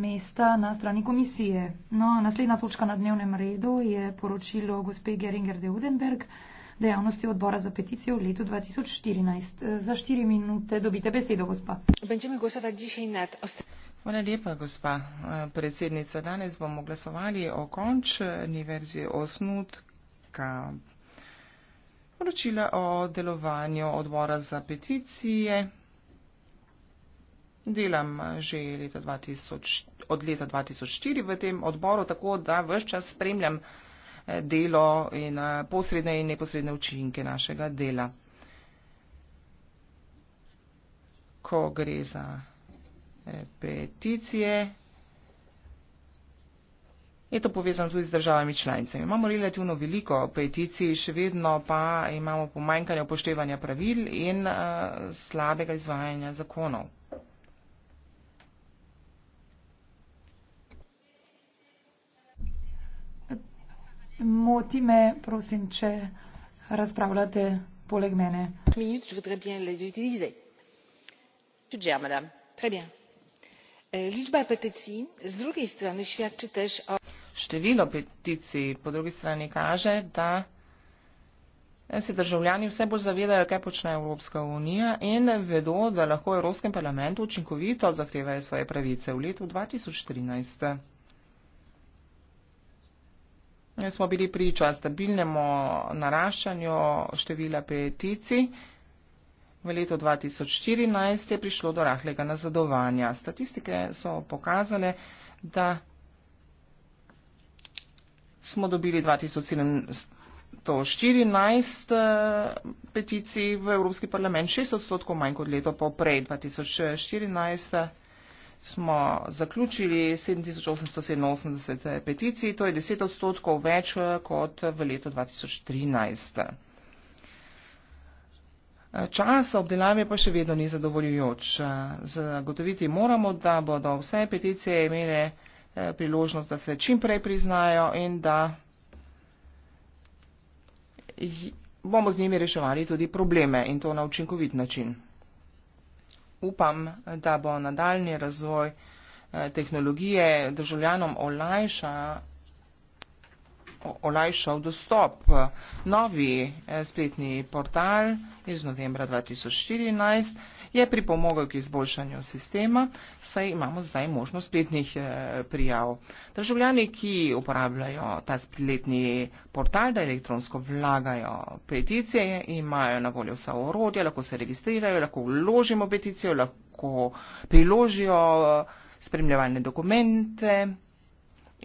mesta na strani komisije. No, naslednja točka na dnevnem redu je poročilo gospe Geringer de Udenberg dejavnosti odbora za peticijo v letu 2014. Za štiri minute dobite besedo, gospa. Hvala lepa, gospa e, predsednica. Danes bomo glasovali o končni verziji osnutka poročila o delovanju odbora za peticije Delam eh, že leta 2000, od leta 2004 v tem odboru, tako da vse čas spremljam eh, delo in eh, posredne in neposredne učinke našega dela. Ko gre za peticije, je to povezano tudi z državami članicami. Imamo relativno veliko peticij, še vedno pa imamo pomanjkanje upoštevanja pravil in slabega izvajanja zakonov. Moti me, prosim, če razpravljate poleg mene. Euh, Število peticij po drugi strani kaže, da se državljani vse bolj zavedajo, kaj počne Evropska unija in vedo, da lahko v Evropskem parlamentu učinkovito zahtevajo svoje pravice v letu 2013 smo bili priča stabilnemu naraščanju števila peticij. V letu 2014 je prišlo do rahlega nazadovanja. Statistike so pokazale, da smo dobili 2714 eh, peticij v Evropski parlament, 6 odstotkov manj kot leto poprej 2014 smo zaključili 7887 peticij, to je 10 odstotkov več eh, kot v letu 2013. Eh, Čas obdelave pa še vedno ni zadovoljujoč. Eh, zagotoviti moramo, da bodo vse peticije imele priložnost, da se čim prej priznajo in da bomo z njimi reševali tudi probleme in to na učinkovit način upam, da bo nadaljni razvoj eh, tehnologije državljanom olajša, olajšal dostop. Novi eh, spletni portal iz novembra 2014 je pripomogel k izboljšanju sistema, saj imamo zdaj možnost spletnih eh, prijav. Državljani, ki uporabljajo ta spletni portal, da elektronsko vlagajo peticije, imajo na voljo vsa orodja, lahko se registrirajo, lahko vložimo peticijo, lahko priložijo eh, spremljevalne dokumente.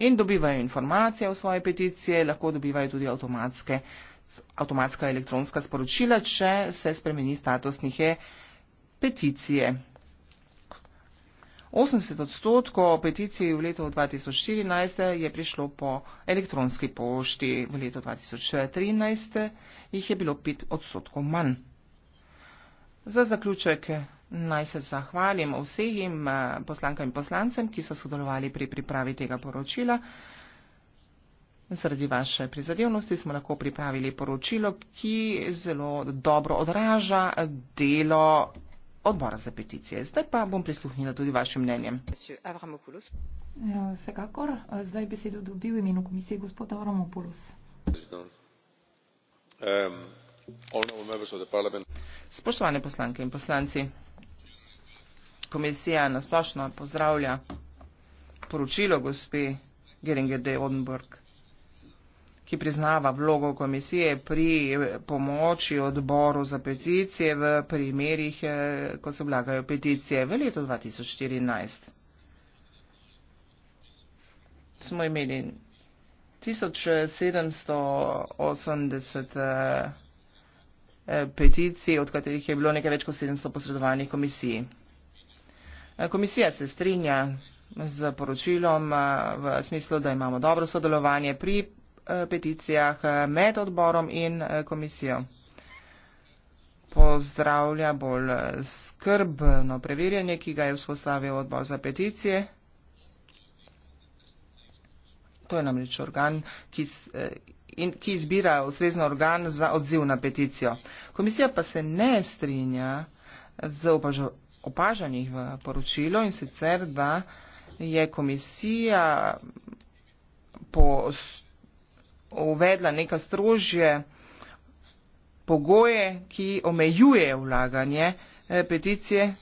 In dobivajo informacije o svoje peticije, lahko dobivajo tudi avtomatska elektronska sporočila, če se spremeni status njihove peticije. 80 odstotkov peticij v letu 2014 je prišlo po elektronski pošti, v letu 2013 jih je bilo 5 odstotkov manj. Za zaključek naj se zahvalim vsem eh, poslankam in poslancem, ki so sodelovali pri pripravi tega poročila. Zaradi vaše prizadevnosti smo lahko pripravili poročilo, ki zelo dobro odraža delo odbora za peticije. Zdaj pa bom prisluhnila tudi vašem mnenjem. Ja, vsekakor, zdaj besedo dobil imenu komisije gospod Avramopoulos. Um, Spoštovane poslanke in poslanci, komisija nasplošno pozdravlja poročilo gospe Geringer de Odenburg ki priznava vlogo komisije pri eh, pomoči odboru za peticije v primerih, eh, ko se vlagajo peticije v letu 2014. Smo imeli 1780 eh, peticij, od katerih je bilo nekaj več kot 700 posredovanih komisiji. Komisija se strinja z poročilom v smislu, da imamo dobro sodelovanje pri peticijah eh, med odborom in eh, komisijo. Pozdravlja bolj eh, skrbno preverjanje, ki ga je vzpostavil odbor za peticije. To je namreč organ, ki, in, ki izbira ustrezno organ za odziv na peticijo. Komisija pa se ne strinja z opažanjih v poročilo in sicer, da je komisija po uvedla neka strožje pogoje, ki omejuje vlaganje eh, peticije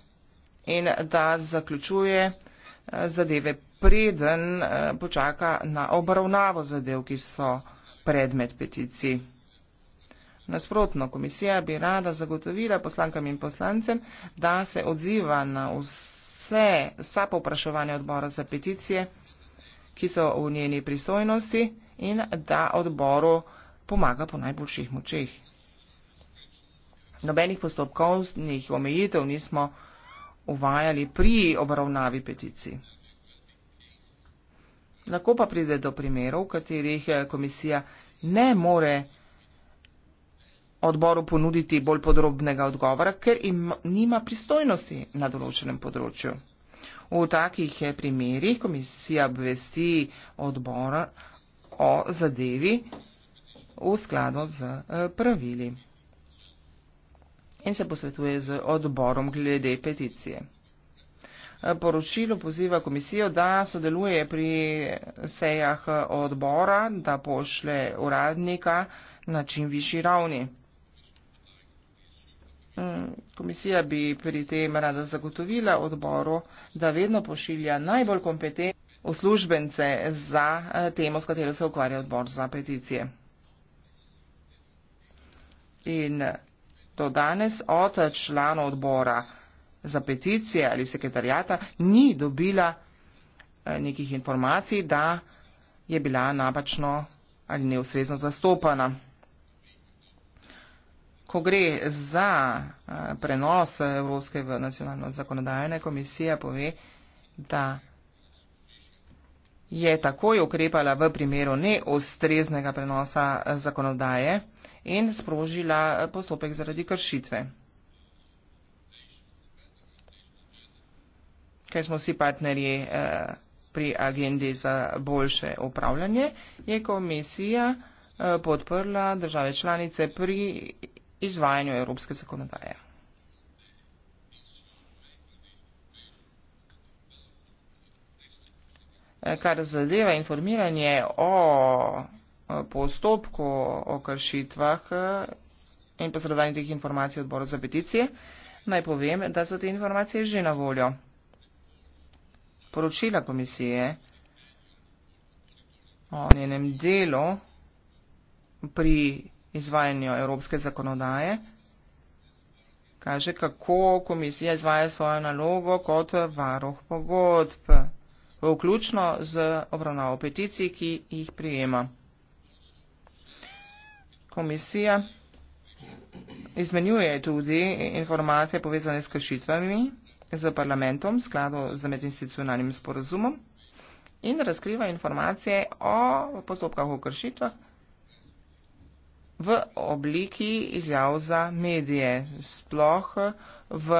in da zaključuje eh, zadeve preden eh, počaka na obravnavo zadev, ki so predmet peticij. Nasprotno, komisija bi rada zagotovila poslankam in poslancem, da se odziva na vse, vsa povpraševanja odbora za peticije, ki so v njeni pristojnosti in da odboru pomaga po najboljših močeh. Nobenih postopkovnih omejitev nismo uvajali pri obravnavi peticij. Lahko pa pride do primerov, v katerih eh, komisija ne more odboru ponuditi bolj podrobnega odgovora, ker im nima pristojnosti na določenem področju. V takih eh, primerih komisija obvesti odbora, o zadevi v skladu z eh, pravili in se posvetuje z odborom glede peticije. Eh, poročilo poziva komisijo, da sodeluje pri sejah eh, odbora, da pošle uradnika na čim višji ravni. Mm, komisija bi pri tem rada zagotovila odboru, da vedno pošilja najbolj kompetentne uslužbence za eh, temo, s katero se ukvarja odbor za peticije. In eh, do danes od eh, člano odbora za peticije ali sekretarjata ni dobila nekih informacij, da je bila napačno ali neustrezno zastopana. Ko gre za prenos Evropske v nacionalno zakonodajne komisije, pove, da je takoj ukrepala v primeru neostreznega prenosa eh, zakonodaje in sprožila eh, postopek zaradi kršitve. Ker smo vsi partnerji eh, pri agendi za boljše upravljanje, je komisija podprla države članice pri izvajanju evropske zakonodaje. Eh, kar zadeva informiranje o eh, postopku o kršitvah eh, in posredovanju teh informacij odboru za peticije, naj povem, da so te informacije že na voljo. Poročila komisije o njenem delu pri izvajanju evropske zakonodaje kaže, kako komisija izvaja svojo nalogo kot varoh pogodb vključno z obravnavo peticij, ki jih prijema. Komisija izmenjuje tudi informacije povezane s kršitvami z parlamentom v skladu z medinstitucionalnim sporozumom in razkriva informacije o postopkah v kršitvah v obliki izjav za medije, sploh v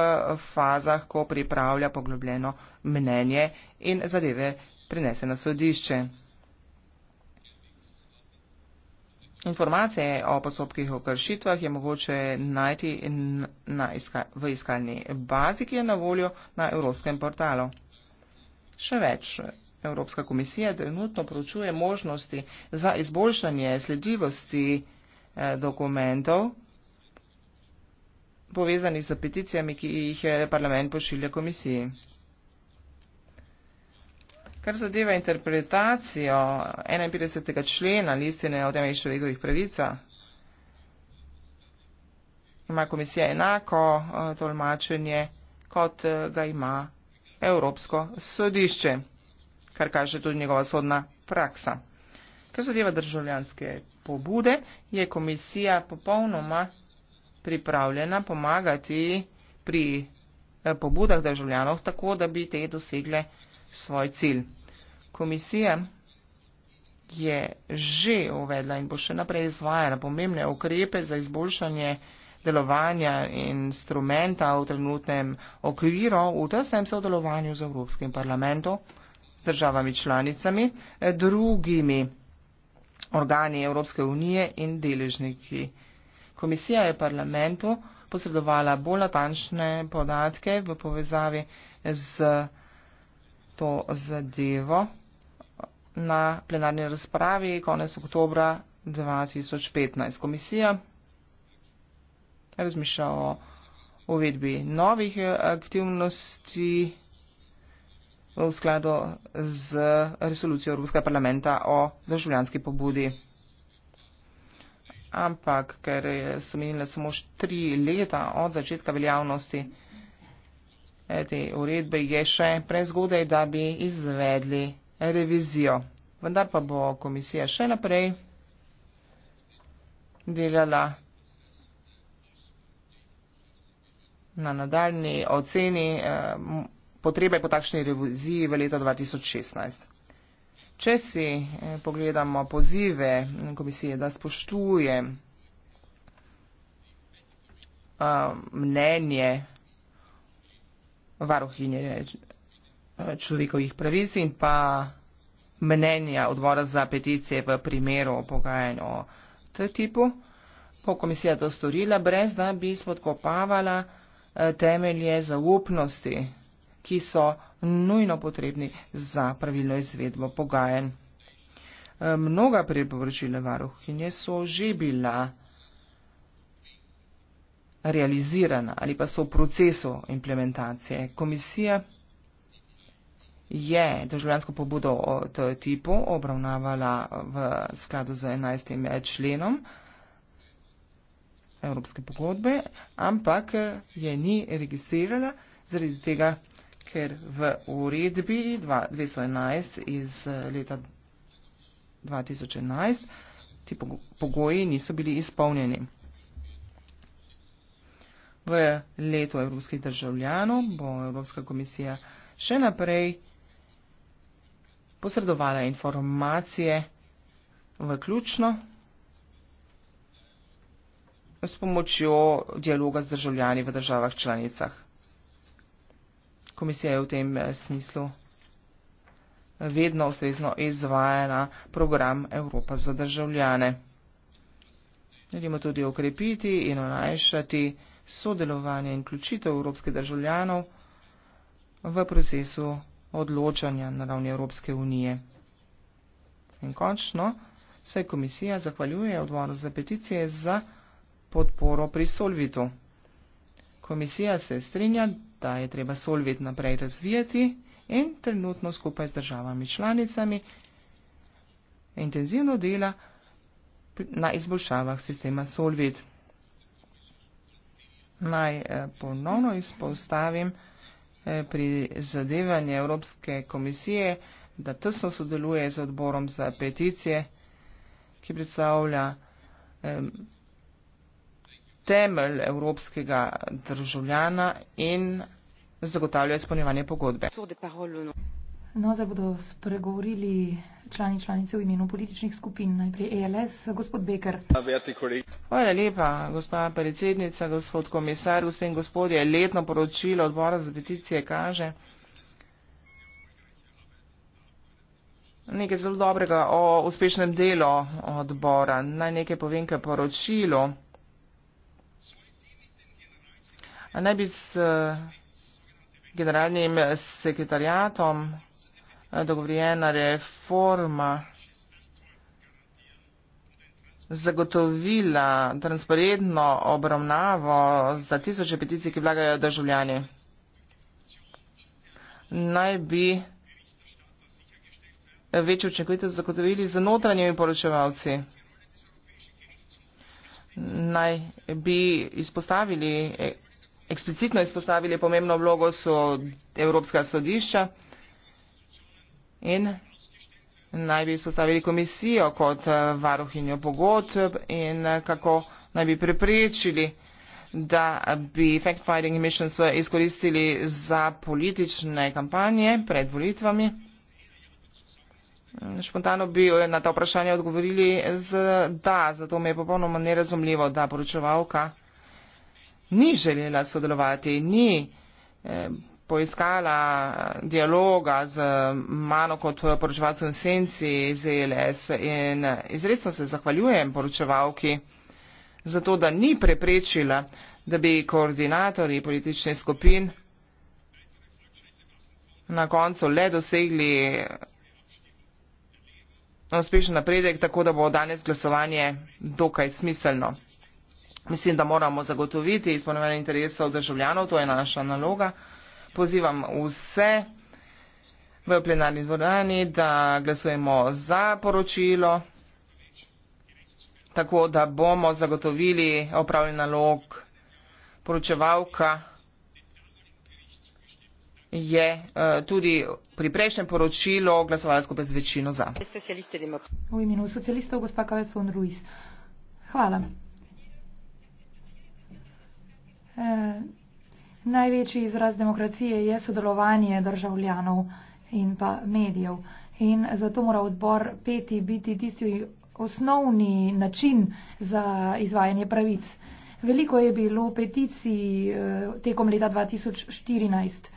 fazah, ko pripravlja poglobljeno mnenje in zadeve prinese na sodišče. Informacije o postopkih o kršitvah je mogoče najti na iska, v iskalni bazi, ki je na voljo na Evropskem portalu. Še več, Evropska komisija trenutno pročuje možnosti za izboljšanje sledljivosti Eh, dokumentov povezani s peticijami, ki jih eh, parlament pošilja komisiji. Kar zadeva interpretacijo 51. člena listine o temeljih človekovih pravica, ima komisija enako eh, tolmačenje, kot ga ima Evropsko sodišče, kar kaže tudi njegova sodna praksa. Kar zadeva državljanske pobude, je komisija popolnoma pripravljena pomagati pri eh, pobudah državljanov, tako da bi te dosegle svoj cilj. Komisija je že uvedla in bo še naprej izvajala pomembne ukrepe za izboljšanje delovanja instrumenta v trenutnem okviru v tesnem sodelovanju z Evropskim parlamentom, z državami članicami, eh, drugimi organi Evropske unije in deležniki. Komisija je parlamentu posredovala bolj natančne podatke v povezavi z to zadevo na plenarni razpravi konec oktobra 2015. Komisija razmišlja o uvedbi novih aktivnosti v skladu z resolucijo Evropskega parlamenta o državljanski pobudi. Ampak, ker so menile samo tri leta od začetka veljavnosti eh, te uredbe, je še prezgodaj, da bi izvedli revizijo. Vendar pa bo komisija še naprej delala na nadaljni oceni. Eh, potrebe po takšni reviziji v leta 2016. Če si eh, pogledamo pozive komisije, da spoštuje eh, mnenje varohinje eh, človekovih pravic in pa mnenja odbora za peticije v primeru pogajanj o T-tipu, bo komisija to storila brez, da bi spodkopavala temelje zaupnosti ki so nujno potrebni za pravilno izvedbo pogajen. E, mnoga priporočila varuhinje so že bila realizirana ali pa so v procesu implementacije. Komisija je državljansko pobudo o tej tipu obravnavala v skladu z 11. členom Evropske pogodbe, ampak je ni registrirala zaradi tega ker v uredbi 211 iz eh, leta 2011 ti pogoji niso bili izpolnjeni. V letu evropskih državljanov bo Evropska komisija še naprej posredovala informacije v ključno s pomočjo dialoga z državljani v državah članicah komisija je v tem eh, smislu eh, vedno ustrezno izvajala program Evropa za državljane. Želimo tudi okrepiti in olajšati sodelovanje in vključitev evropskih državljanov v procesu odločanja na ravni Evropske unije. In končno se komisija zahvaljuje odboru za peticije za podporo pri Solvitu. Komisija se strinja, da je treba Solvit naprej razvijati in trenutno skupaj z državami članicami intenzivno dela na izboljšavah sistema Solvit. Naj eh, ponovno izpostavim eh, pri zadevanju Evropske komisije, da tesno sodeluje z odborom za peticije, ki predstavlja temelj evropskega državljana in zagotavlja izpolnjevanje pogodbe. No, zdaj bodo spregovorili člani članice v imenu političnih skupin, najprej ELS, gospod Beker. Hvala lepa, gospa predsednica, gospod komisar, gospe in gospodje. Letno poročilo odbora za peticije kaže nekaj zelo dobrega o uspešnem delu odbora. Naj nekaj povem, kaj poročilo. Naj bi s eh, generalnim sekretarjatom eh, dogovorjena reforma zagotovila transparentno obravnavo za tisoče peticij, ki vlagajo državljani. Naj bi večjo očekovitev zagotovili z notranjimi poročevalci. Naj bi izpostavili eh, eksplicitno izpostavili pomembno vlogo so Evropska sodišča in naj bi izpostavili komisijo kot eh, varuhinjo pogodb in eh, kako naj bi preprečili, da bi fact-finding missions eh, izkoristili za politične kampanje pred volitvami. Mm, Špontano bi na ta vprašanje odgovorili z da, zato mi je popolnoma nerazumljivo, da poročevalka ni želela sodelovati, ni eh, poiskala dialoga z mano kot poročevalcem senci iz ELS in izredno se zahvaljujem poročevalki za to, da ni preprečila, da bi koordinatorji političnih skupin na koncu le dosegli uspešen napredek, tako da bo danes glasovanje dokaj smiselno. Mislim, da moramo zagotoviti izpolnjevanje interesov državljanov, to je naša naloga. Pozivam vse v plenarni dvorani, da glasujemo za poročilo, tako da bomo zagotovili opravljen nalog poročevalka je uh, tudi pri prejšnjem poročilu glasovala skupaj z večino za. V imenu socialistov, gospa Kavec von Ruiz. Hvala. Eh, največji izraz demokracije je sodelovanje državljanov in pa medijev. In zato mora odbor peti biti tisti osnovni način za izvajanje pravic. Veliko je bilo peticij eh, tekom leta 2014.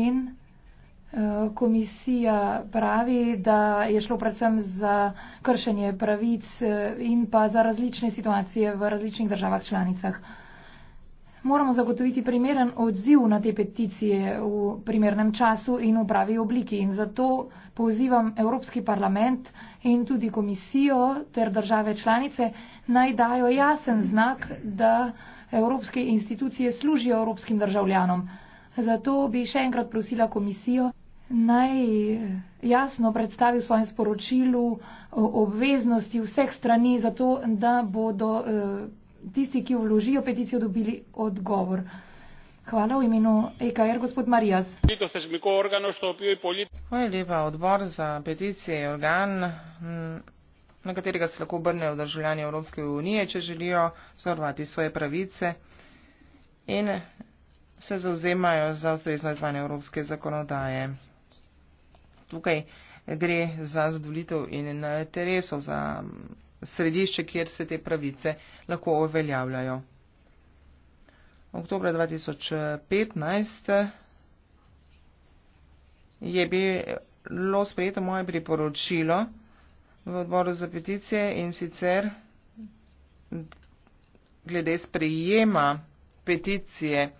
In Eh, komisija pravi, da je šlo predvsem za kršenje pravic eh, in pa za različne situacije v različnih državah članicah. Moramo zagotoviti primeren odziv na te peticije v primernem času in v pravi obliki. In zato pozivam Evropski parlament in tudi komisijo ter države članice naj dajo jasen znak, da evropske institucije služijo evropskim državljanom. Zato bi še enkrat prosila komisijo, naj jasno predstavi v svojem sporočilu obveznosti vseh strani, zato da bodo e, tisti, ki vložijo peticijo, dobili odgovor. Hvala v imenu EKR, gospod Marijas. Hvala lepa. Odbor za peticije je organ, na katerega se lahko obrnejo državljani Evropske unije, če želijo zavarovati svoje pravice. In se zauzemajo za ustrezno izvanje evropske zakonodaje. Tukaj gre za zadovoljitev in interesov, za središče, kjer se te pravice lahko uveljavljajo. Oktober 2015 je bilo sprejeto moje priporočilo v odboru za peticije in sicer glede sprejema peticije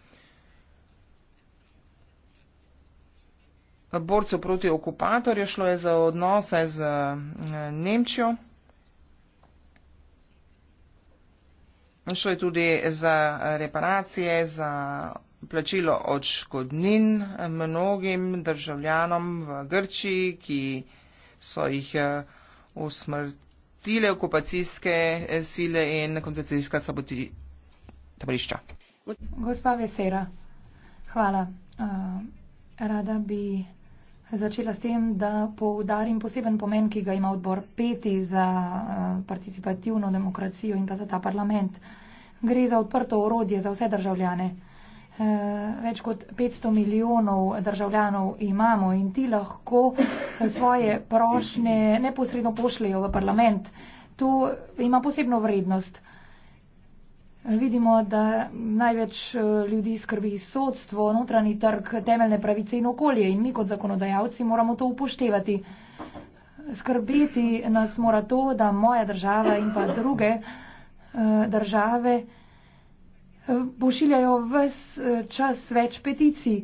borcev proti okupatorju, šlo je za odnose z eh, Nemčijo. Šlo je tudi za reparacije, za plačilo odškodnin mnogim državljanom v Grčiji, ki so jih eh, usmrtile okupacijske eh, sile in koncentracijska taborišča. Gospa Vesera, hvala. Rada bi začela s tem, da poudarim poseben pomen, ki ga ima odbor peti za eh, participativno demokracijo in pa za ta parlament. Gre za odprto orodje za vse državljane. Eh, več kot 500 milijonov državljanov imamo in ti lahko eh, svoje prošnje neposredno pošljejo v parlament. To ima posebno vrednost. Vidimo, da največ eh, ljudi skrbi sodstvo, notranji trg, temeljne pravice in okolje in mi kot zakonodajalci moramo to upoštevati. Skrbeti nas mora to, da moja država in pa druge eh, države eh, pošiljajo vse čas več peticij.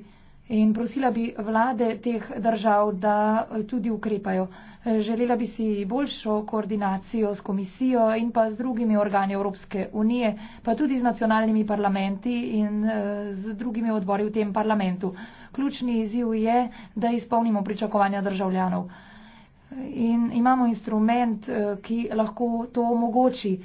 In prosila bi vlade teh držav, da eh, tudi ukrepajo. Eh, želela bi si boljšo koordinacijo s komisijo in pa z drugimi organi Evropske unije, pa tudi z nacionalnimi parlamenti in eh, z drugimi odbori v tem parlamentu. Ključni izziv je, da izpolnimo pričakovanja državljanov. In imamo instrument, ki lahko to omogoči.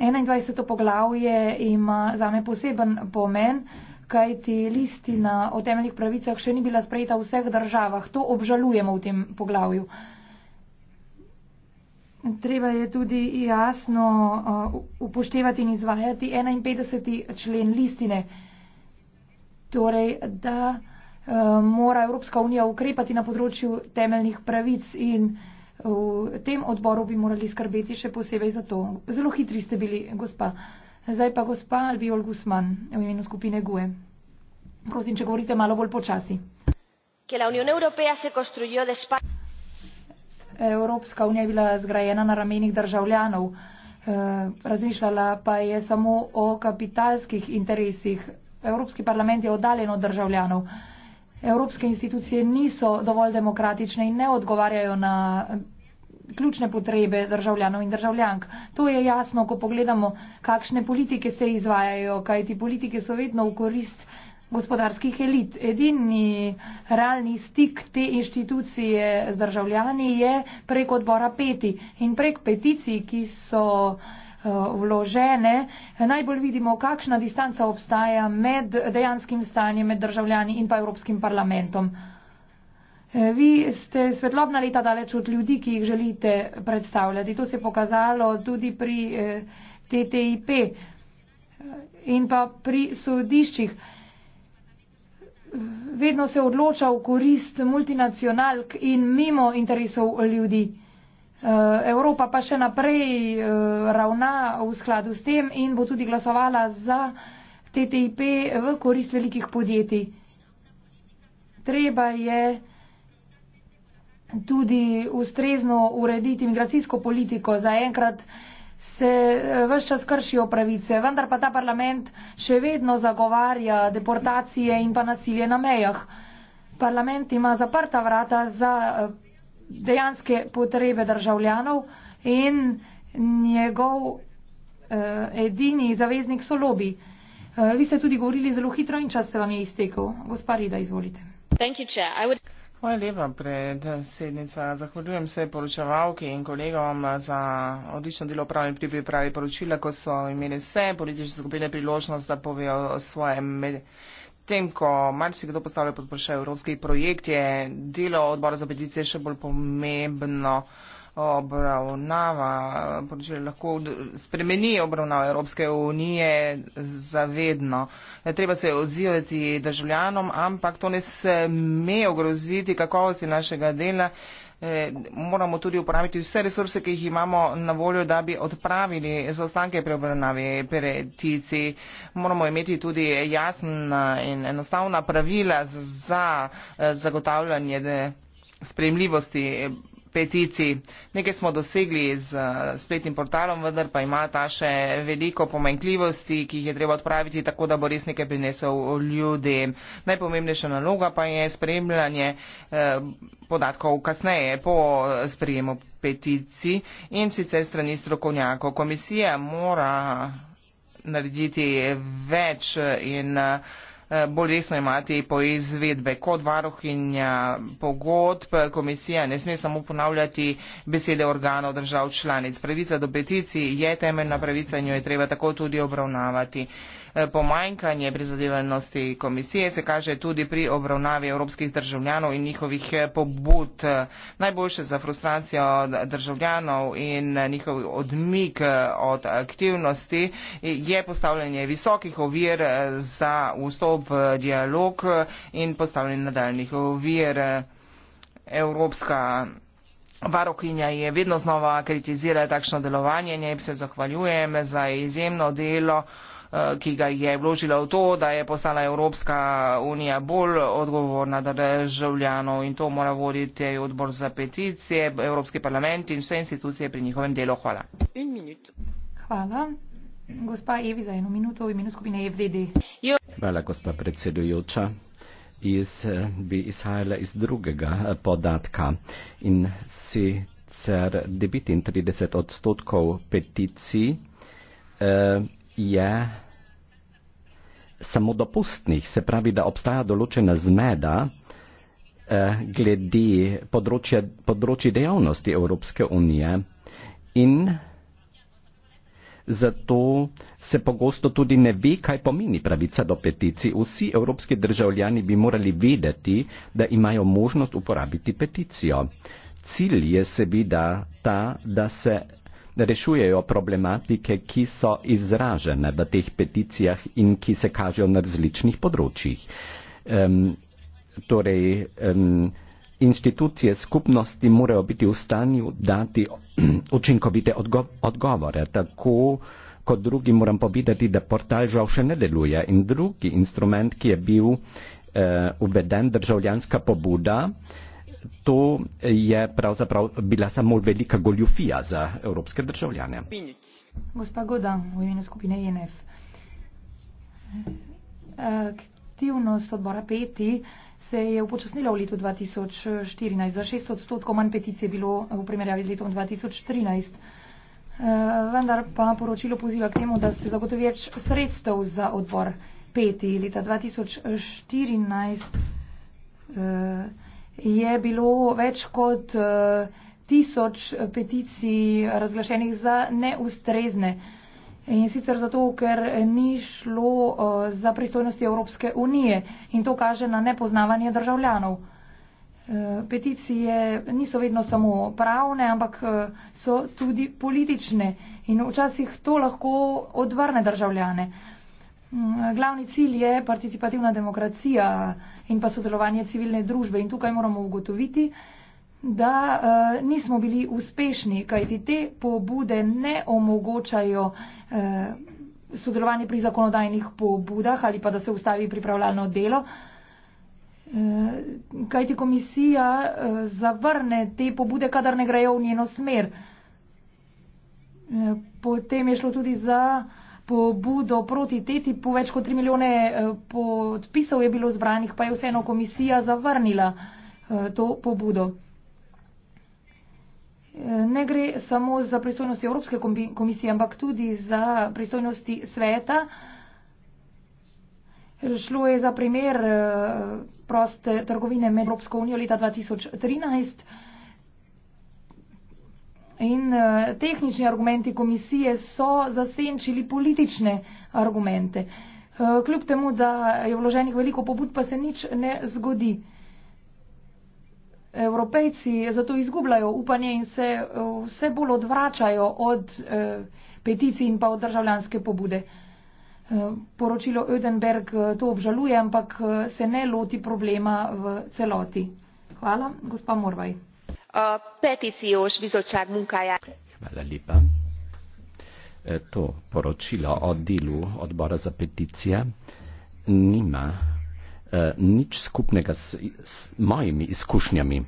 21. poglavje ima zame poseben pomen kaj ti listina o temeljnih pravicah še ni bila sprejeta v vseh državah. To obžalujemo v tem poglavju. Treba je tudi jasno uh, upoštevati in izvajati 51. člen listine. Torej, da uh, mora Evropska unija ukrepati na področju temeljnih pravic in uh, v tem odboru bi morali skrbeti še posebej za to. Zelo hitri ste bili, gospa. Zdaj pa gospa Albiol Guzman v imenu skupine GUE. Prosim, če govorite malo bolj počasi. Evropska unija je bila zgrajena na ramenih državljanov, eh, razmišljala pa je samo o kapitalskih interesih. Evropski parlament je oddaljen od državljanov. Evropske institucije niso dovolj demokratične in ne odgovarjajo na ključne potrebe državljanov in državljank. To je jasno, ko pogledamo, kakšne politike se izvajajo, kaj ti politike so vedno v korist gospodarskih elit. Edini realni stik te inštitucije z državljani je prek odbora peti in prek peticij, ki so eh, vložene, najbolj vidimo, kakšna distanca obstaja med dejanskim stanjem med državljani in pa Evropskim parlamentom. Vi ste svetlobna leta daleč od ljudi, ki jih želite predstavljati. To se je pokazalo tudi pri eh, TTIP eh, in pa pri sodiščih. Vedno se odloča v korist multinacionalk in mimo interesov ljudi. Eh, Evropa pa še naprej ravna v skladu s tem in bo tudi glasovala za TTIP v korist velikih podjetij. Treba je tudi ustrezno urediti migracijsko politiko. Zaenkrat se eh, vse čas kršijo pravice, vendar pa ta parlament še vedno zagovarja deportacije in pa nasilje na mejah. Parlament ima zaprta vrata za eh, dejanske potrebe državljanov in njegov eh, edini zaveznik so lobi. Eh, vi ste tudi govorili zelo hitro in čas se vam je iztekel. Gospa Rida, izvolite. You, would... Hvala lepa, predsednica. Zahvaljujem se poročevalki in kolegom za odlično delo pravim pri pripravi poročila, ko so imeli vse politične skupine priložnost, da povejo svoje med. Tem, ko marsikdo postavlja pod vprašaj evropski projekt, je delo odbora za peticije še bolj pomembno obravnava, če pač lahko spremeni obravnava Evropske unije zavedno. Treba se odzivati državljanom, ampak to ne sme ogroziti kakovosti našega dela. E, moramo tudi uporabiti vse resurse, ki jih imamo na voljo, da bi odpravili zaostanke pri obravnavi petici. Moramo imeti tudi jasna in enostavna pravila za e, zagotavljanje e, sprejemljivosti peticij. Nekaj smo dosegli z eh, spletnim portalom, vendar pa ima ta še veliko pomenkljivosti, ki jih je treba odpraviti, tako da bo res nekaj prinesel ljudi. Najpomembnejša naloga pa je spremljanje eh, podatkov kasneje po sprejemu peticij in sicer strani strokovnjakov. Komisija mora narediti več in eh, bolj resno imati poizvedbe kot varuhinja pogodb. Komisija ne sme samo ponavljati besede organov držav članic. Pravica do peticij je temeljna pravica in jo je treba tako tudi obravnavati. E, pomanjkanje prizadevanosti komisije se kaže tudi pri obravnavi evropskih državljanov in njihovih e, pobud. Najboljše za frustracijo državljanov in njihov odmik e, od aktivnosti je postavljanje visokih ovir za vstop vstop v dialog in postavljanje nadaljnih ovir. Evropska varokinja je vedno znova kritizirala takšno delovanje in jaj se zahvaljujem za izjemno delo eh, ki ga je vložila v to, da je postala Evropska unija bolj odgovorna državljanov in to mora voditi odbor za peticije, Evropski parlament in vse institucije pri njihovem delu. Hvala. Hvala. Gospa Evi, za eno minuto v imenu skupine FDD. Jo. Hvala, gospa predsedujoča. Iz, bi izhajala iz drugega eh, podatka in sicer 39 odstotkov peticij eh, je samodopustnih, se pravi, da obstaja določena zmeda eh, glede področja, področji dejavnosti Evropske unije in zato se pogosto tudi ne ve, kaj pomeni pravica do peticij. Vsi evropski državljani bi morali vedeti, da imajo možnost uporabiti peticijo. Cilj je seveda ta, da se rešujejo problematike, ki so izražene v teh peticijah in ki se kažejo na različnih področjih. Um, torej, um, institucije skupnosti morajo biti v stanju dati učinkovite odgo odgovore. Tako kot drugi moram povedati, da portal žal še ne deluje. In drugi instrument, ki je bil eh, uveden, državljanska pobuda, to je pravzaprav bila samo velika goljufija za evropske državljane. Gospa Godan, v imenu skupine INF. E eh, aktivnost odbora peti se je upočasnila v letu 2014. Za 6 odstotkov manj peticij je bilo v primerjavi z letom 2013. Eh, vendar pa poročilo poziva k temu, da se zagotovi več sredstev za odbor. 5. leta 2014 eh, je bilo več kot eh, tisoč peticij razglašenih za neustrezne. In sicer zato, ker ni šlo eh, za pristojnosti Evropske unije in to kaže na nepoznavanje državljanov. Eh, peticije niso vedno samo pravne, ampak eh, so tudi politične in včasih to lahko odvrne državljane. Mm, glavni cilj je participativna demokracija in pa sodelovanje civilne družbe in tukaj moramo ugotoviti, da uh, nismo bili uspešni, kajti te pobude ne omogočajo uh, sodelovanje pri zakonodajnih pobudah ali pa da se ustavi pripravljalno delo. Eh, Kaj ti komisija zavrne te pobude, kadar ne grejo v njeno smer? Potem je šlo tudi za pobudo proti teti, po več kot 3 milijone podpisov je bilo zbranih, pa je vseeno komisija zavrnila to pobudo ne gre samo za pristojnosti Evropske komisije, ampak tudi za pristojnosti sveta. Šlo je za primer eh, proste trgovine med Evropsko unijo leta 2013 in eh, tehnični argumenti komisije so zasenčili politične argumente. Eh, kljub temu, da je vloženih veliko pobud, pa se nič ne zgodi. Evropejci zato izgubljajo upanje in se eh, vse bolj odvračajo od eh, peticij in pa od državljanske pobude. Eh, poročilo Ödenberg to obžaluje, ampak se ne loti problema v celoti. Hvala, gospa Morvaj. Peticijoš bizočak munkaja. Hvala lepa. To poročilo o delu odbora za peticije nima Eh, nič skupnega s, s mojimi izkušnjami.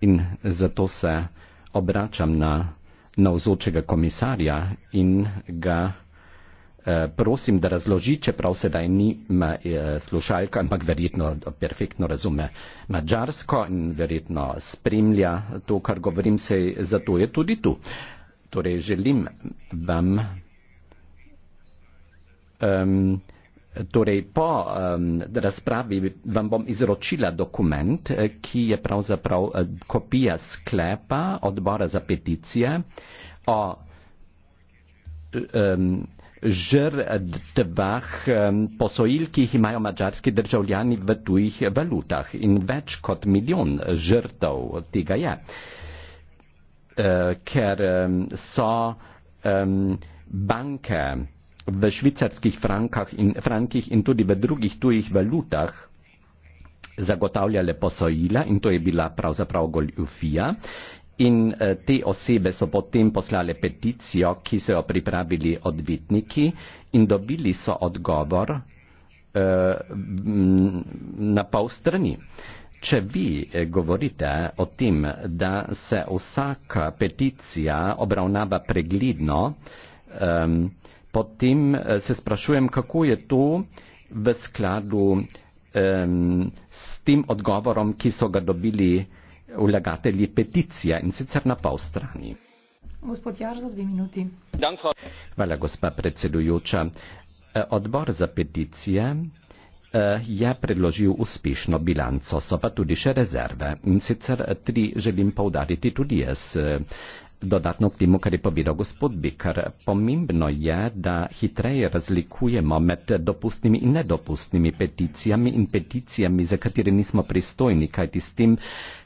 In zato se obračam na navzočega komisarja in ga eh, prosim, da razloži, čeprav sedaj ni ma, eh, slušalka, ampak verjetno perfektno razume mačarsko in verjetno spremlja to, kar govorim se, zato je tudi tu. Torej, želim vam. Um, Torej, po um, razpravi vam bom izročila dokument, eh, ki je pravzaprav eh, kopija sklepa odbora za peticije o um, žrtvah posojil, ki jih imajo mačarski državljani v tujih valutah. In več kot milijon žrtev tega je, uh, ker so um, banke, v švicarskih frankah in frankih in tudi v drugih tujih valutah zagotavljale posojila in to je bila pravzaprav goljufija. In eh, te osebe so potem poslale peticijo, ki so jo pripravili odvetniki in dobili so odgovor eh, na pol strani. Če vi eh, govorite o tem, da se vsaka peticija obravnava pregledno, um, potem eh, se sprašujem, kako je to v skladu um, s tem odgovorom, ki so ga dobili vlagatelji peticija in sicer na pol strani. Gospod Jar, za dve minuti. Hvala, gospa predsedujoča. Eh, odbor za peticije eh, je predložil uspešno bilanco, so pa tudi še rezerve. In sicer tri želim povdariti tudi jaz dodatno optimo, kar je povedal gospod Bikar. Pomembno je, da hitreje razlikujemo med dopustnimi in nedopustnimi peticijami in peticijami, za katere nismo pristojni, kajti s tem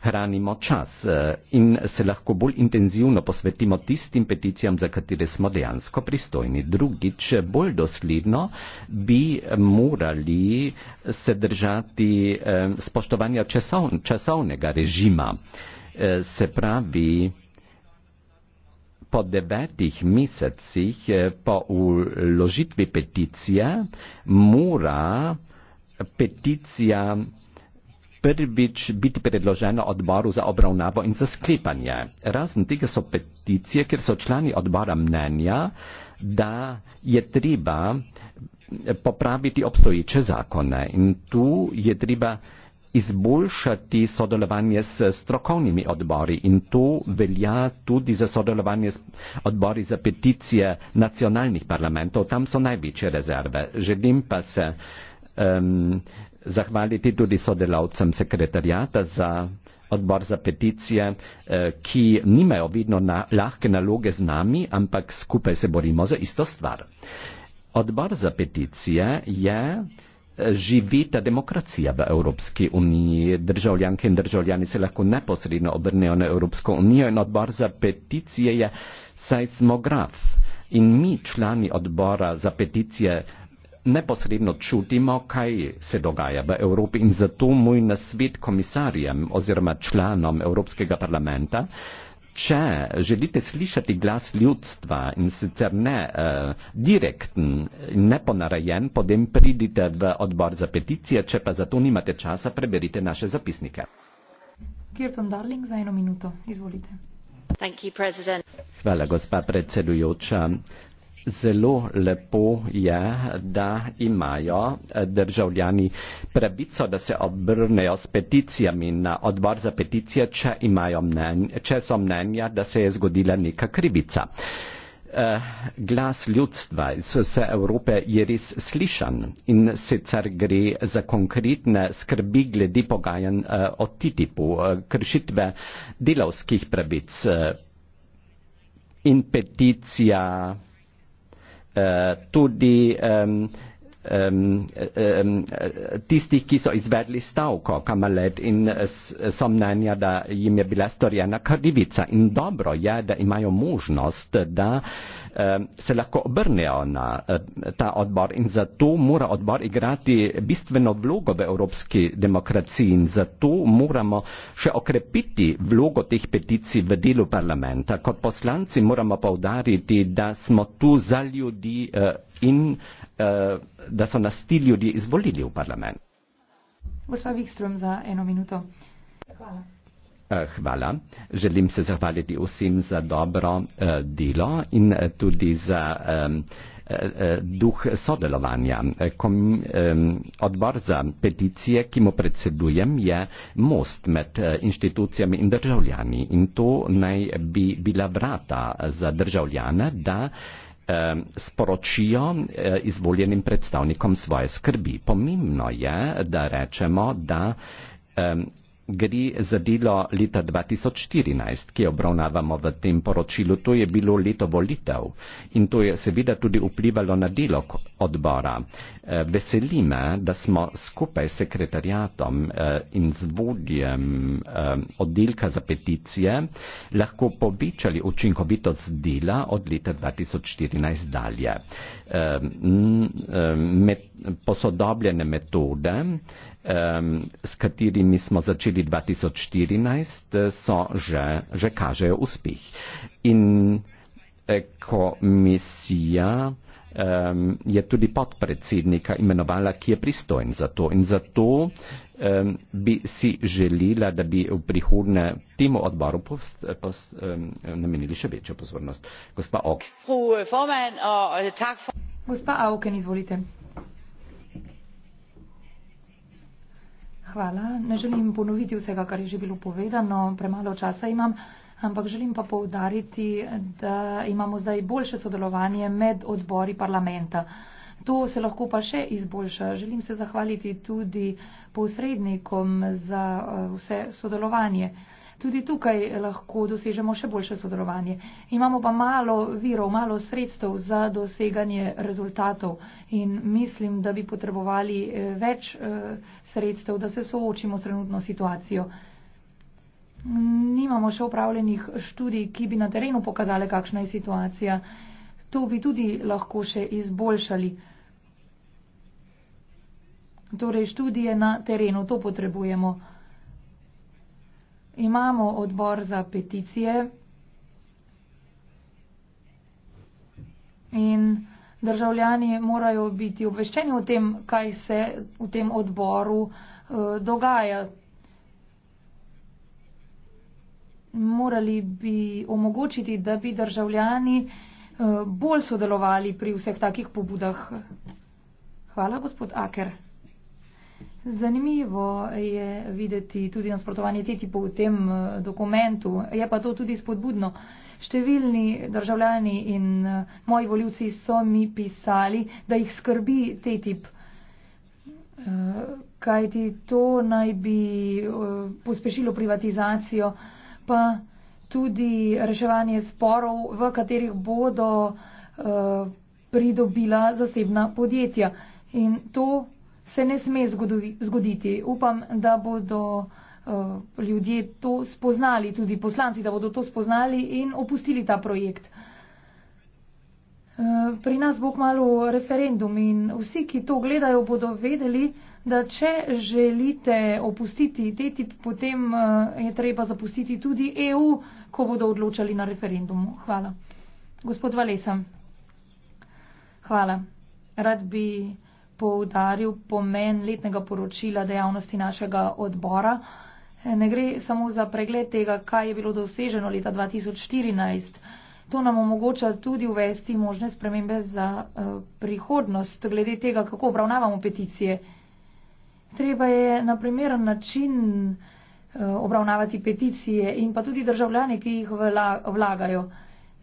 hranimo čas eh, in se lahko bolj intenzivno posvetimo tistim peticijam, za katere smo dejansko pristojni. Drugič, bolj dosledno bi morali se držati eh, spoštovanja časovnega režima. Eh, se pravi, po devetih mesecih eh, po uložitvi peticije mora peticija prvič biti predložena odboru za obravnavo in za sklepanje. Razen tega so peticije, ker so člani odbora mnenja, da je treba popraviti obstoječe zakone in tu je treba izboljšati sodelovanje s strokovnimi odbori in to velja tudi za sodelovanje s odbori za peticije nacionalnih parlamentov. Tam so največje rezerve. Želim pa se um, zahvaliti tudi sodelavcem sekretarjata za odbor za peticije, eh, ki nimajo vidno na lahke naloge z nami, ampak skupaj se borimo za isto stvar. Odbor za peticije je živi ta demokracija v Evropski uniji. Državljanke in državljani se lahko neposredno obrnejo na Evropsko unijo in odbor za peticije je seismograf. In mi, člani odbora za peticije, neposredno čutimo, kaj se dogaja v Evropi in zato moj nasvet komisarjem oziroma članom Evropskega parlamenta, Če želite slišati glas ljudstva in sicer ne uh, direkten, ne ponarejen, potem pridite v odbor za peticije, če pa za to nimate časa, preberite naše zapisnike. Kirton Darling za eno minuto, izvolite. Thank you, Hvala, gospa predsedujoča. Zelo lepo je, da imajo eh, državljani pravico, da se obrnejo s peticijami na odbor za peticije, če, imajo mnenje, če so mnenja, da se je zgodila neka krivica. Eh, glas ljudstva iz vse Evrope je res slišan in sicer gre za konkretne skrbi glede pogajanj eh, o TTIP-u, kršitve delavskih pravic in peticija. Eh, tudi um, um, um, tistih, ki so izvedli stavko kamalet in eh, so mnenja, da jim je bila storjena krivica. In dobro je, da imajo možnost, da uh, Ehm, se lahko obrnejo na eh, ta odbor in zato mora odbor igrati bistveno vlogo v evropski demokraciji in zato moramo še okrepiti vlogo teh peticij v delu parlamenta. Kot poslanci moramo povdariti, da smo tu za ljudi eh, in eh, da so nas ti ljudje izvolili v parlament. Gospa Wikström za eno minuto. Hvala. Eh, hvala. Želim se zahvaliti vsem za dobro eh, delo in eh, tudi za duh sodelovanja. Odbor za peticije, ki mu predsedujem, je most med inštitucijami in državljani in to naj bi bila vrata za državljane, da sporočijo izvoljenim predstavnikom svoje skrbi. Pomembno je, da rečemo, da gre za delo leta 2014, ki jo obravnavamo v tem poročilu. To je bilo leto volitev in to je seveda tudi vplivalo na delo odbora. Eh, veseli me, da smo skupaj s sekretarjatom eh, in z vodjem eh, oddelka za peticije lahko povečali učinkovitost dela od leta 2014 dalje. Posodobljene metode um, s katerimi smo začeli 2014, eh, so že, že kažejo uspeh. In komisija um, je tudi podpredsednika imenovala, ki je pristojen za to. In zato um, bi si želela, da bi v prihodnje temu odboru post, post, um, namenili še večjo pozornost. Gospa eh, eh, Auken, izvolite. hvala. Ne želim ponoviti vsega, kar je že bilo povedano, premalo časa imam, ampak želim pa povdariti, da imamo zdaj boljše sodelovanje med odbori parlamenta. To se lahko pa še izboljša. Želim se zahvaliti tudi posrednikom za eh, vse sodelovanje tudi tukaj lahko dosežemo še boljše sodelovanje. Imamo pa malo virov, malo sredstev za doseganje rezultatov in mislim, da bi potrebovali eh, več eh, sredstev, da se soočimo s trenutno situacijo. Nimamo še upravljenih študij, ki bi na terenu pokazale, kakšna je situacija. To bi tudi lahko še izboljšali. Torej študije na terenu, to potrebujemo imamo odbor za peticije in državljani morajo biti obveščeni o tem, kaj se v tem odboru eh, dogaja. Morali bi omogočiti, da bi državljani eh, bolj sodelovali pri vseh takih pobudah. Hvala, gospod Aker. Zanimivo je videti tudi nasprotovanje TTIP-u v tem eh, dokumentu. Je pa to tudi spodbudno. Številni državljani in eh, moji voljivci so mi pisali, da jih skrbi TTIP, eh, kajti to naj bi pospešilo privatizacijo, pa tudi reševanje sporov, v katerih bodo pridobila zasebna podjetja. In to se ne sme zgoditi. Upam, da bodo eh, ljudje to spoznali, tudi poslanci, da bodo to spoznali in opustili ta projekt. Eh, pri nas bo kmalo referendum in vsi, ki to gledajo, bodo vedeli, da če želite opustiti TTIP, potem eh, je treba zapustiti tudi EU, ko bodo odločali na referendumu. Hvala. Gospod Valesa. Hvala. Rad bi poudaril pomen letnega poročila dejavnosti našega odbora. Ne gre samo za pregled tega, kaj je bilo doseženo leta 2014. To nam omogoča tudi uvesti možne spremembe za eh, prihodnost, glede tega, kako obravnavamo peticije. Treba je na primeren način eh, obravnavati peticije in pa tudi državljane, ki jih vlagajo.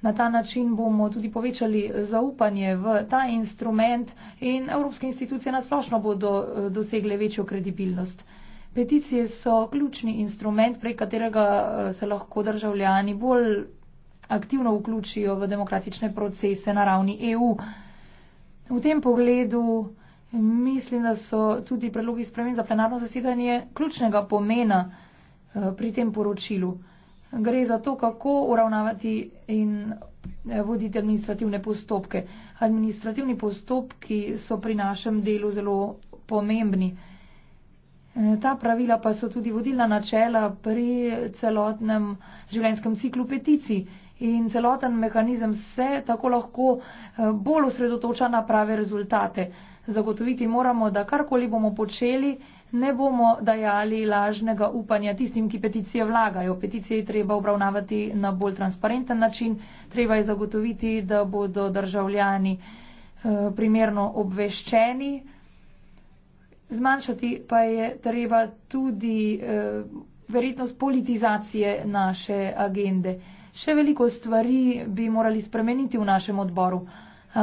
Na ta način bomo tudi povečali zaupanje v ta instrument in evropske institucije nasplošno bodo eh, dosegle večjo kredibilnost. Peticije so ključni instrument, prek katerega eh, se lahko državljani bolj aktivno vključijo v demokratične procese na ravni EU. V tem pogledu mislim, da so tudi predlogi spremen za plenarno zasedanje ključnega pomena eh, pri tem poročilu gre za to, kako uravnavati in eh, voditi administrativne postopke. Administrativni postopki so pri našem delu zelo pomembni. Eh, ta pravila pa so tudi vodilna načela pri celotnem življenjskem ciklu peticij in celoten mehanizem se tako lahko eh, bolj osredotoča na prave rezultate. Zagotoviti moramo, da karkoli bomo počeli, ne bomo dajali lažnega upanja tistim, ki peticije vlagajo. Peticije je treba obravnavati na bolj transparenten način, treba je zagotoviti, da bodo državljani eh, primerno obveščeni. Zmanjšati pa je treba tudi eh, verjetnost politizacije naše agende. Še veliko stvari bi morali spremeniti v našem odboru,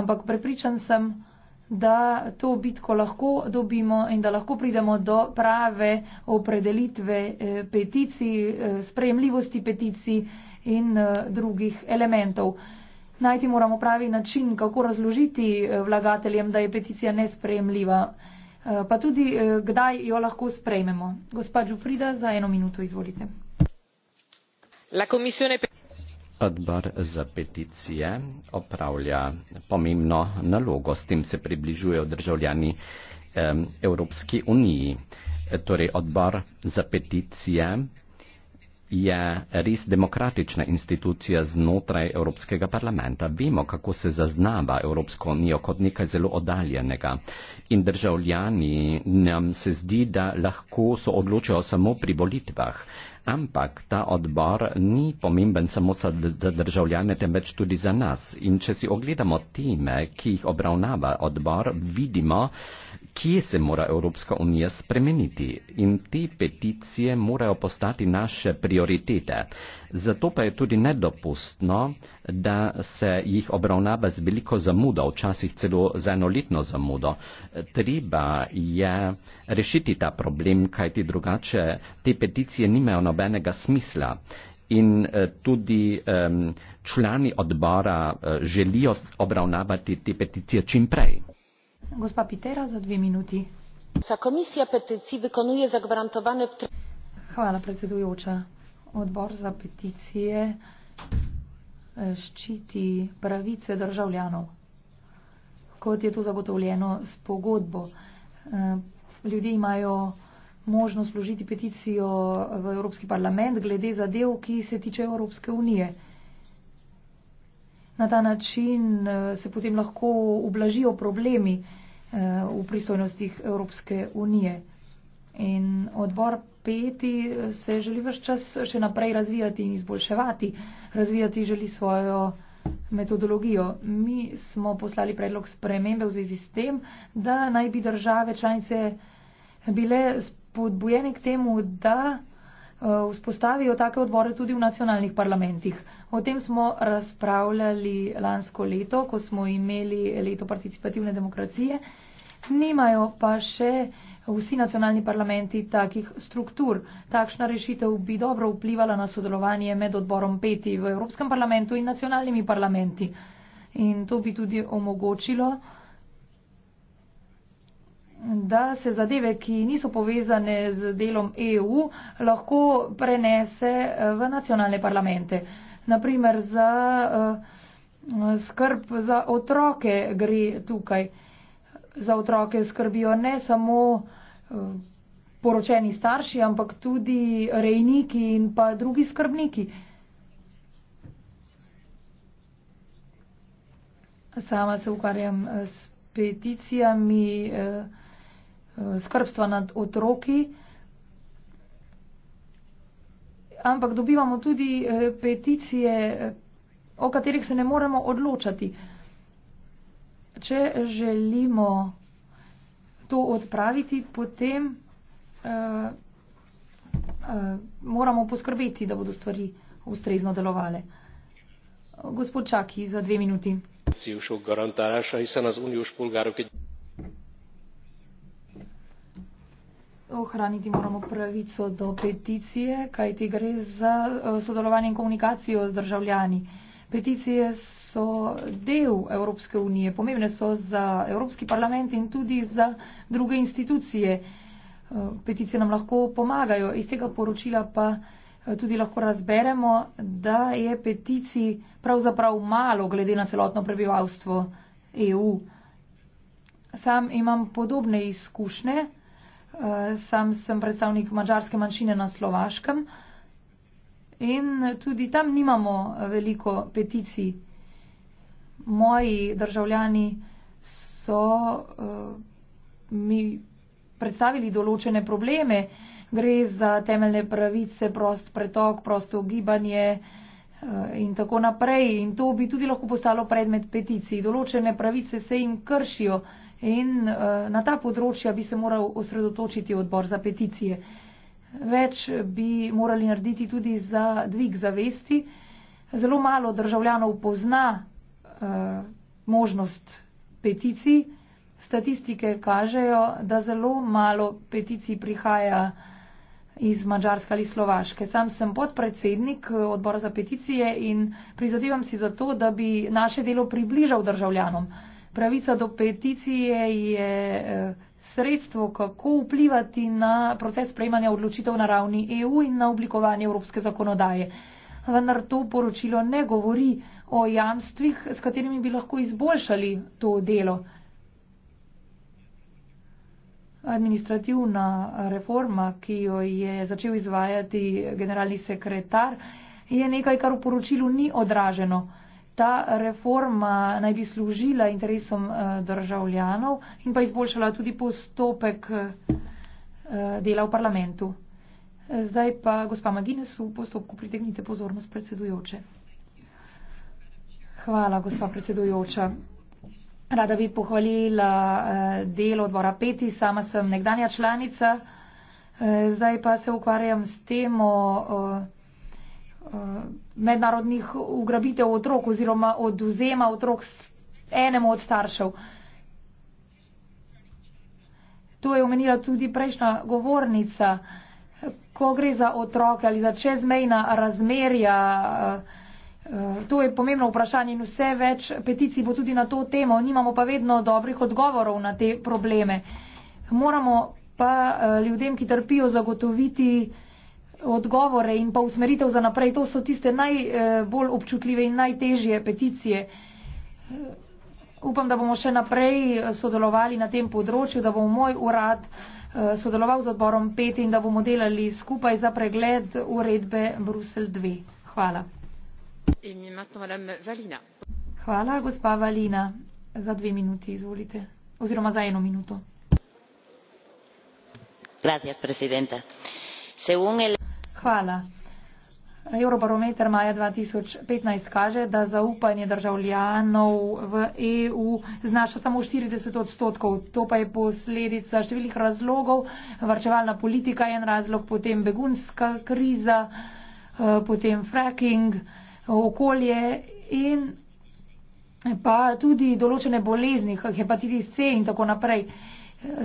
ampak prepričan sem, da to bitko lahko dobimo in da lahko pridemo do prave opredelitve eh, peticij, eh, sprejemljivosti peticij in eh, drugih elementov. Najti moramo pravi način, kako razložiti vlagateljem, da je peticija nesprejemljiva, pa tudi kdaj jo lahko sprejmemo. Gospa Džufrida, za eno minuto izvolite. Odbor za peticije opravlja pomembno nalogo, s tem se približujejo državljani Evropski uniji. Torej, odbor za peticije je res demokratična institucija znotraj Evropskega parlamenta. Vemo, kako se zaznava Evropsko unijo kot nekaj zelo oddaljenega. In državljani nam se zdi, da lahko so odločajo samo pri volitvah. Ampak ta odbor ni pomemben samo za državljane, temveč tudi za nas. In če si ogledamo teme, ki jih obravnava odbor, vidimo, kje se mora Evropska unija spremeniti in te peticije morajo postati naše prioritete. Zato pa je tudi nedopustno, da se jih obravnava z veliko zamudo, včasih celo z enoletno zamudo. Treba je rešiti ta problem, kajti drugače te peticije nimajo nobenega smisla. In eh, tudi um, člani odbora eh, želijo obravnavati te peticije čim prej komisija peticij wykonuje zagwarantowane w Hvala, predsedujoča. Odbor za peticije e, ščiti pravice državljanov, kot je to zagotovljeno s pogodbo. E, ljudje imajo možnost vložiti peticijo v Evropski parlament glede zadev, ki se tiče Evropske unije na ta način eh, se potem lahko ublažijo problemi eh, v pristojnostih Evropske unije. In odbor peti eh, se želi vse čas še naprej razvijati in izboljševati, razvijati želi svojo metodologijo. Mi smo poslali predlog spremembe v zvezi s tem, da naj bi države članice bile spodbujene k temu, da Eh, vzpostavijo take odbore tudi v nacionalnih parlamentih. O tem smo razpravljali lansko leto, ko smo imeli leto participativne demokracije. Nimajo pa še vsi nacionalni parlamenti takih struktur. Takšna rešitev bi dobro vplivala na sodelovanje med odborom peti v Evropskem parlamentu in nacionalnimi parlamenti. In to bi tudi omogočilo, da se zadeve, ki niso povezane z delom EU, lahko prenese eh, v nacionalne parlamente. Naprimer, za uh, skrb za otroke gre tukaj. Za otroke skrbijo ne samo eh, poročeni starši, ampak tudi rejniki in pa drugi skrbniki. Sama se ukvarjam s peticijami. Uh, skrbstva nad otroki, ampak dobivamo tudi eh, peticije, eh, o katerih se ne moremo odločati. Če želimo to odpraviti, potem eh, moramo poskrbeti, da bodo stvari ustrezno delovale. Gospod Čaki, za dve minuti. ohraniti moramo pravico do peticije, kajti gre za eh, sodelovanje in komunikacijo z državljani. Peticije so del Evropske unije, pomembne so za Evropski parlament in tudi za druge institucije. Eh, peticije nam lahko pomagajo, iz tega poročila pa eh, tudi lahko razberemo, da je peticij pravzaprav malo glede na celotno prebivalstvo EU. Sam imam podobne izkušnje. Eh, sam sem predstavnik mačarske manjšine na Slovaškem in tudi tam nimamo veliko peticij. Moji državljani so eh, mi predstavili določene probleme, gre za temeljne pravice, prost pretok, prosto gibanje eh, in tako naprej. In to bi tudi lahko postalo predmet peticij. Določene pravice se jim kršijo. In uh, na ta področja bi se moral osredotočiti odbor za peticije. Več bi morali narediti tudi za dvig zavesti. Zelo malo državljanov pozna uh, možnost peticij. Statistike kažejo, da zelo malo peticij prihaja iz Mačarske ali Slovaške. Sam sem podpredsednik eh, odbora za peticije in prizadevam si za to, da bi naše delo približal državljanom. Uh, Pravica do peticije je eh, sredstvo, kako vplivati na proces sprejemanja odločitev na ravni EU in na oblikovanje evropske zakonodaje. Vendar to poročilo ne govori o jamstvih, s katerimi bi lahko izboljšali to delo. Administrativna reforma, ki jo je začel izvajati generalni sekretar, je nekaj, kar v poročilu ni odraženo ta reforma naj bi služila interesom eh, državljanov in pa izboljšala tudi postopek eh, dela v parlamentu. Eh, zdaj pa, gospa Magines, v postopku pritegnite pozornost predsedujoče. Hvala, gospa predsedujoča. Rada bi pohvalila delo odbora Peti, sama sem nekdanja članica, zdaj pa se ukvarjam s temo Eh, mednarodnih ugrabitev otrok oziroma oduzema otrok enemu od staršev. To je omenila tudi prejšnja govornica, ko gre za otroke ali za čezmejna razmerja. Eh, to je pomembno vprašanje in vse več peticij bo tudi na to temo. Nimamo pa vedno dobrih odgovorov na te probleme. Moramo pa eh, ljudem, ki trpijo, zagotoviti odgovore in pa usmeritev za naprej. To so tiste najbolj eh, občutljive in najtežje peticije. Eh, upam, da bomo še naprej eh, sodelovali na tem področju, da bo moj urad sodeloval z odborom 5 in da bomo delali skupaj za pregled uredbe Brusel 2. Hvala. Hvala, gospa Valina. Za dve minuti izvolite. Oziroma za eno minuto. Gracias, presidenta. Según el... Hvala. Eurobarometer maja 2015 kaže, da zaupanje državljanov v EU znaša samo 40 odstotkov. To pa je posledica številnih razlogov. Varčevalna politika je en razlog, potem begunska kriza, eh, potem fracking, okolje in pa tudi določene bolezni, hepatitis C in tako naprej.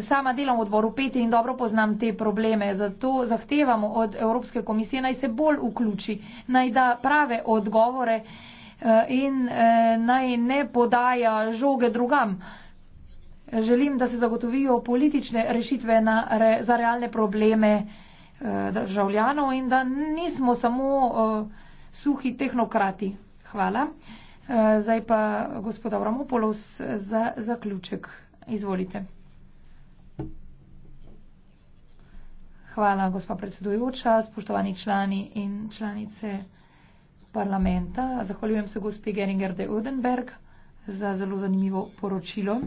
Sama delam v odboru peti in dobro poznam te probleme, zato zahtevamo od Evropske komisije naj se bolj vključi, naj da prave odgovore eh, in eh, naj ne podaja žoge drugam. Želim, da se zagotovijo politične rešitve na, za realne probleme eh, državljanov in da nismo samo suhi tehnokrati. Hvala. Zdaj pa gospod Avramopoulos za zaključek. Izvolite. Hvala, gospa predsedujoča, spoštovani člani in članice parlamenta. Zahvaljujem se gospi Geringer de Odenberg za zelo zanimivo poročilo.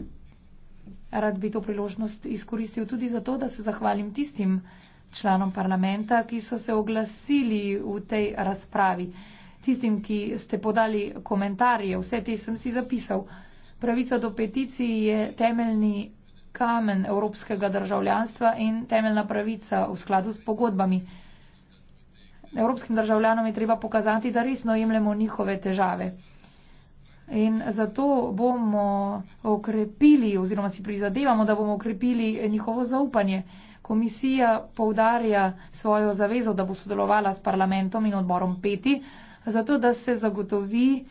Rad bi to priložnost izkoristil tudi zato, da se zahvalim tistim članom parlamenta, ki so se oglasili v tej razpravi. Tistim, ki ste podali komentarje, vse te sem si zapisal. Pravica do peticij je temeljni kamen evropskega državljanstva in temeljna pravica v skladu s pogodbami. Evropskim državljanom je treba pokazati, da resno jemljemo njihove težave. In zato bomo okrepili oziroma si prizadevamo, da bomo okrepili njihovo zaupanje. Komisija poudarja svojo zavezo, da bo sodelovala s parlamentom in odborom peti, zato da se zagotovi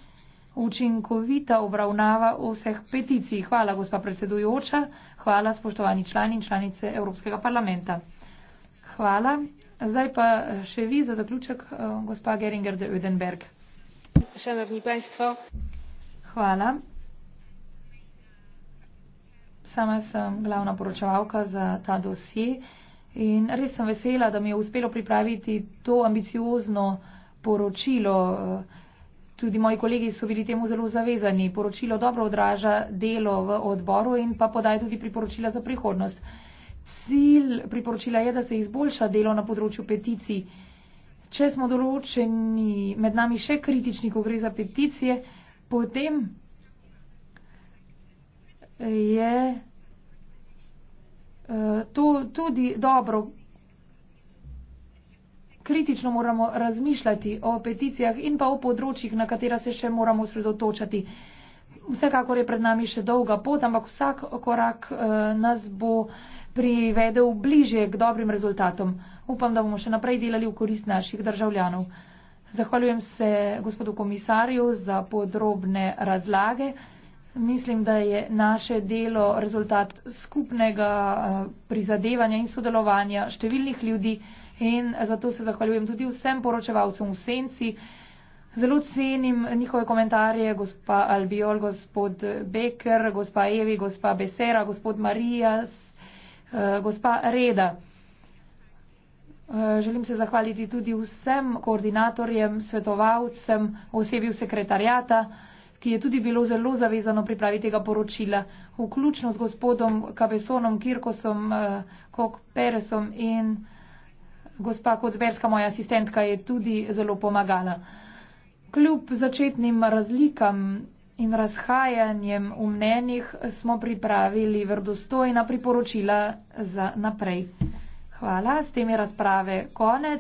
učinkovita obravnava vseh peticij. Hvala, gospa predsedujoča. Hvala, spoštovani člani in članice Evropskega parlamenta. Hvala. Zdaj pa še vi za zaključek, eh, gospa Geringer de Udenberg. Hvala. Sama sem glavna poročevalka za ta dosje in res sem vesela, da mi je uspelo pripraviti to ambiciozno poročilo eh, tudi moji kolegi so bili temu zelo zavezani. Poročilo dobro odraža delo v odboru in pa podaja tudi priporočila za prihodnost. Cilj priporočila je, da se izboljša delo na področju peticij. Če smo določeni med nami še kritični, ko gre za peticije, potem je eh, to tudi dobro kritično moramo razmišljati o peticijah in pa o področjih, na katera se še moramo sredotočati. Vsekakor je pred nami še dolga pot, ampak vsak korak eh, nas bo privedel bliže k dobrim rezultatom. Upam, da bomo še naprej delali v korist naših državljanov. Zahvaljujem se gospodu komisarju za podrobne razlage. Mislim, da je naše delo rezultat skupnega eh, prizadevanja in sodelovanja številnih ljudi. In zato se zahvaljujem tudi vsem poročevalcem v senci. Zelo cenim njihove komentarje, gospa Albiol, gospod Becker, gospa Evi, gospa Besera, gospod Marijas, eh, gospa Reda. Eh, želim se zahvaliti tudi vsem koordinatorjem, svetovalcem, osebju sekretarjata, ki je tudi bilo zelo zavezano pri pravi tega poročila, vključno z gospodom Kabesonom, Kirkosom, eh, Kok Peresom in gospa Kocberska, moja asistentka, je tudi zelo pomagala. Kljub začetnim razlikam in razhajanjem v mnenjih smo pripravili vrdostojna priporočila za naprej. Hvala, s tem je razprave konec.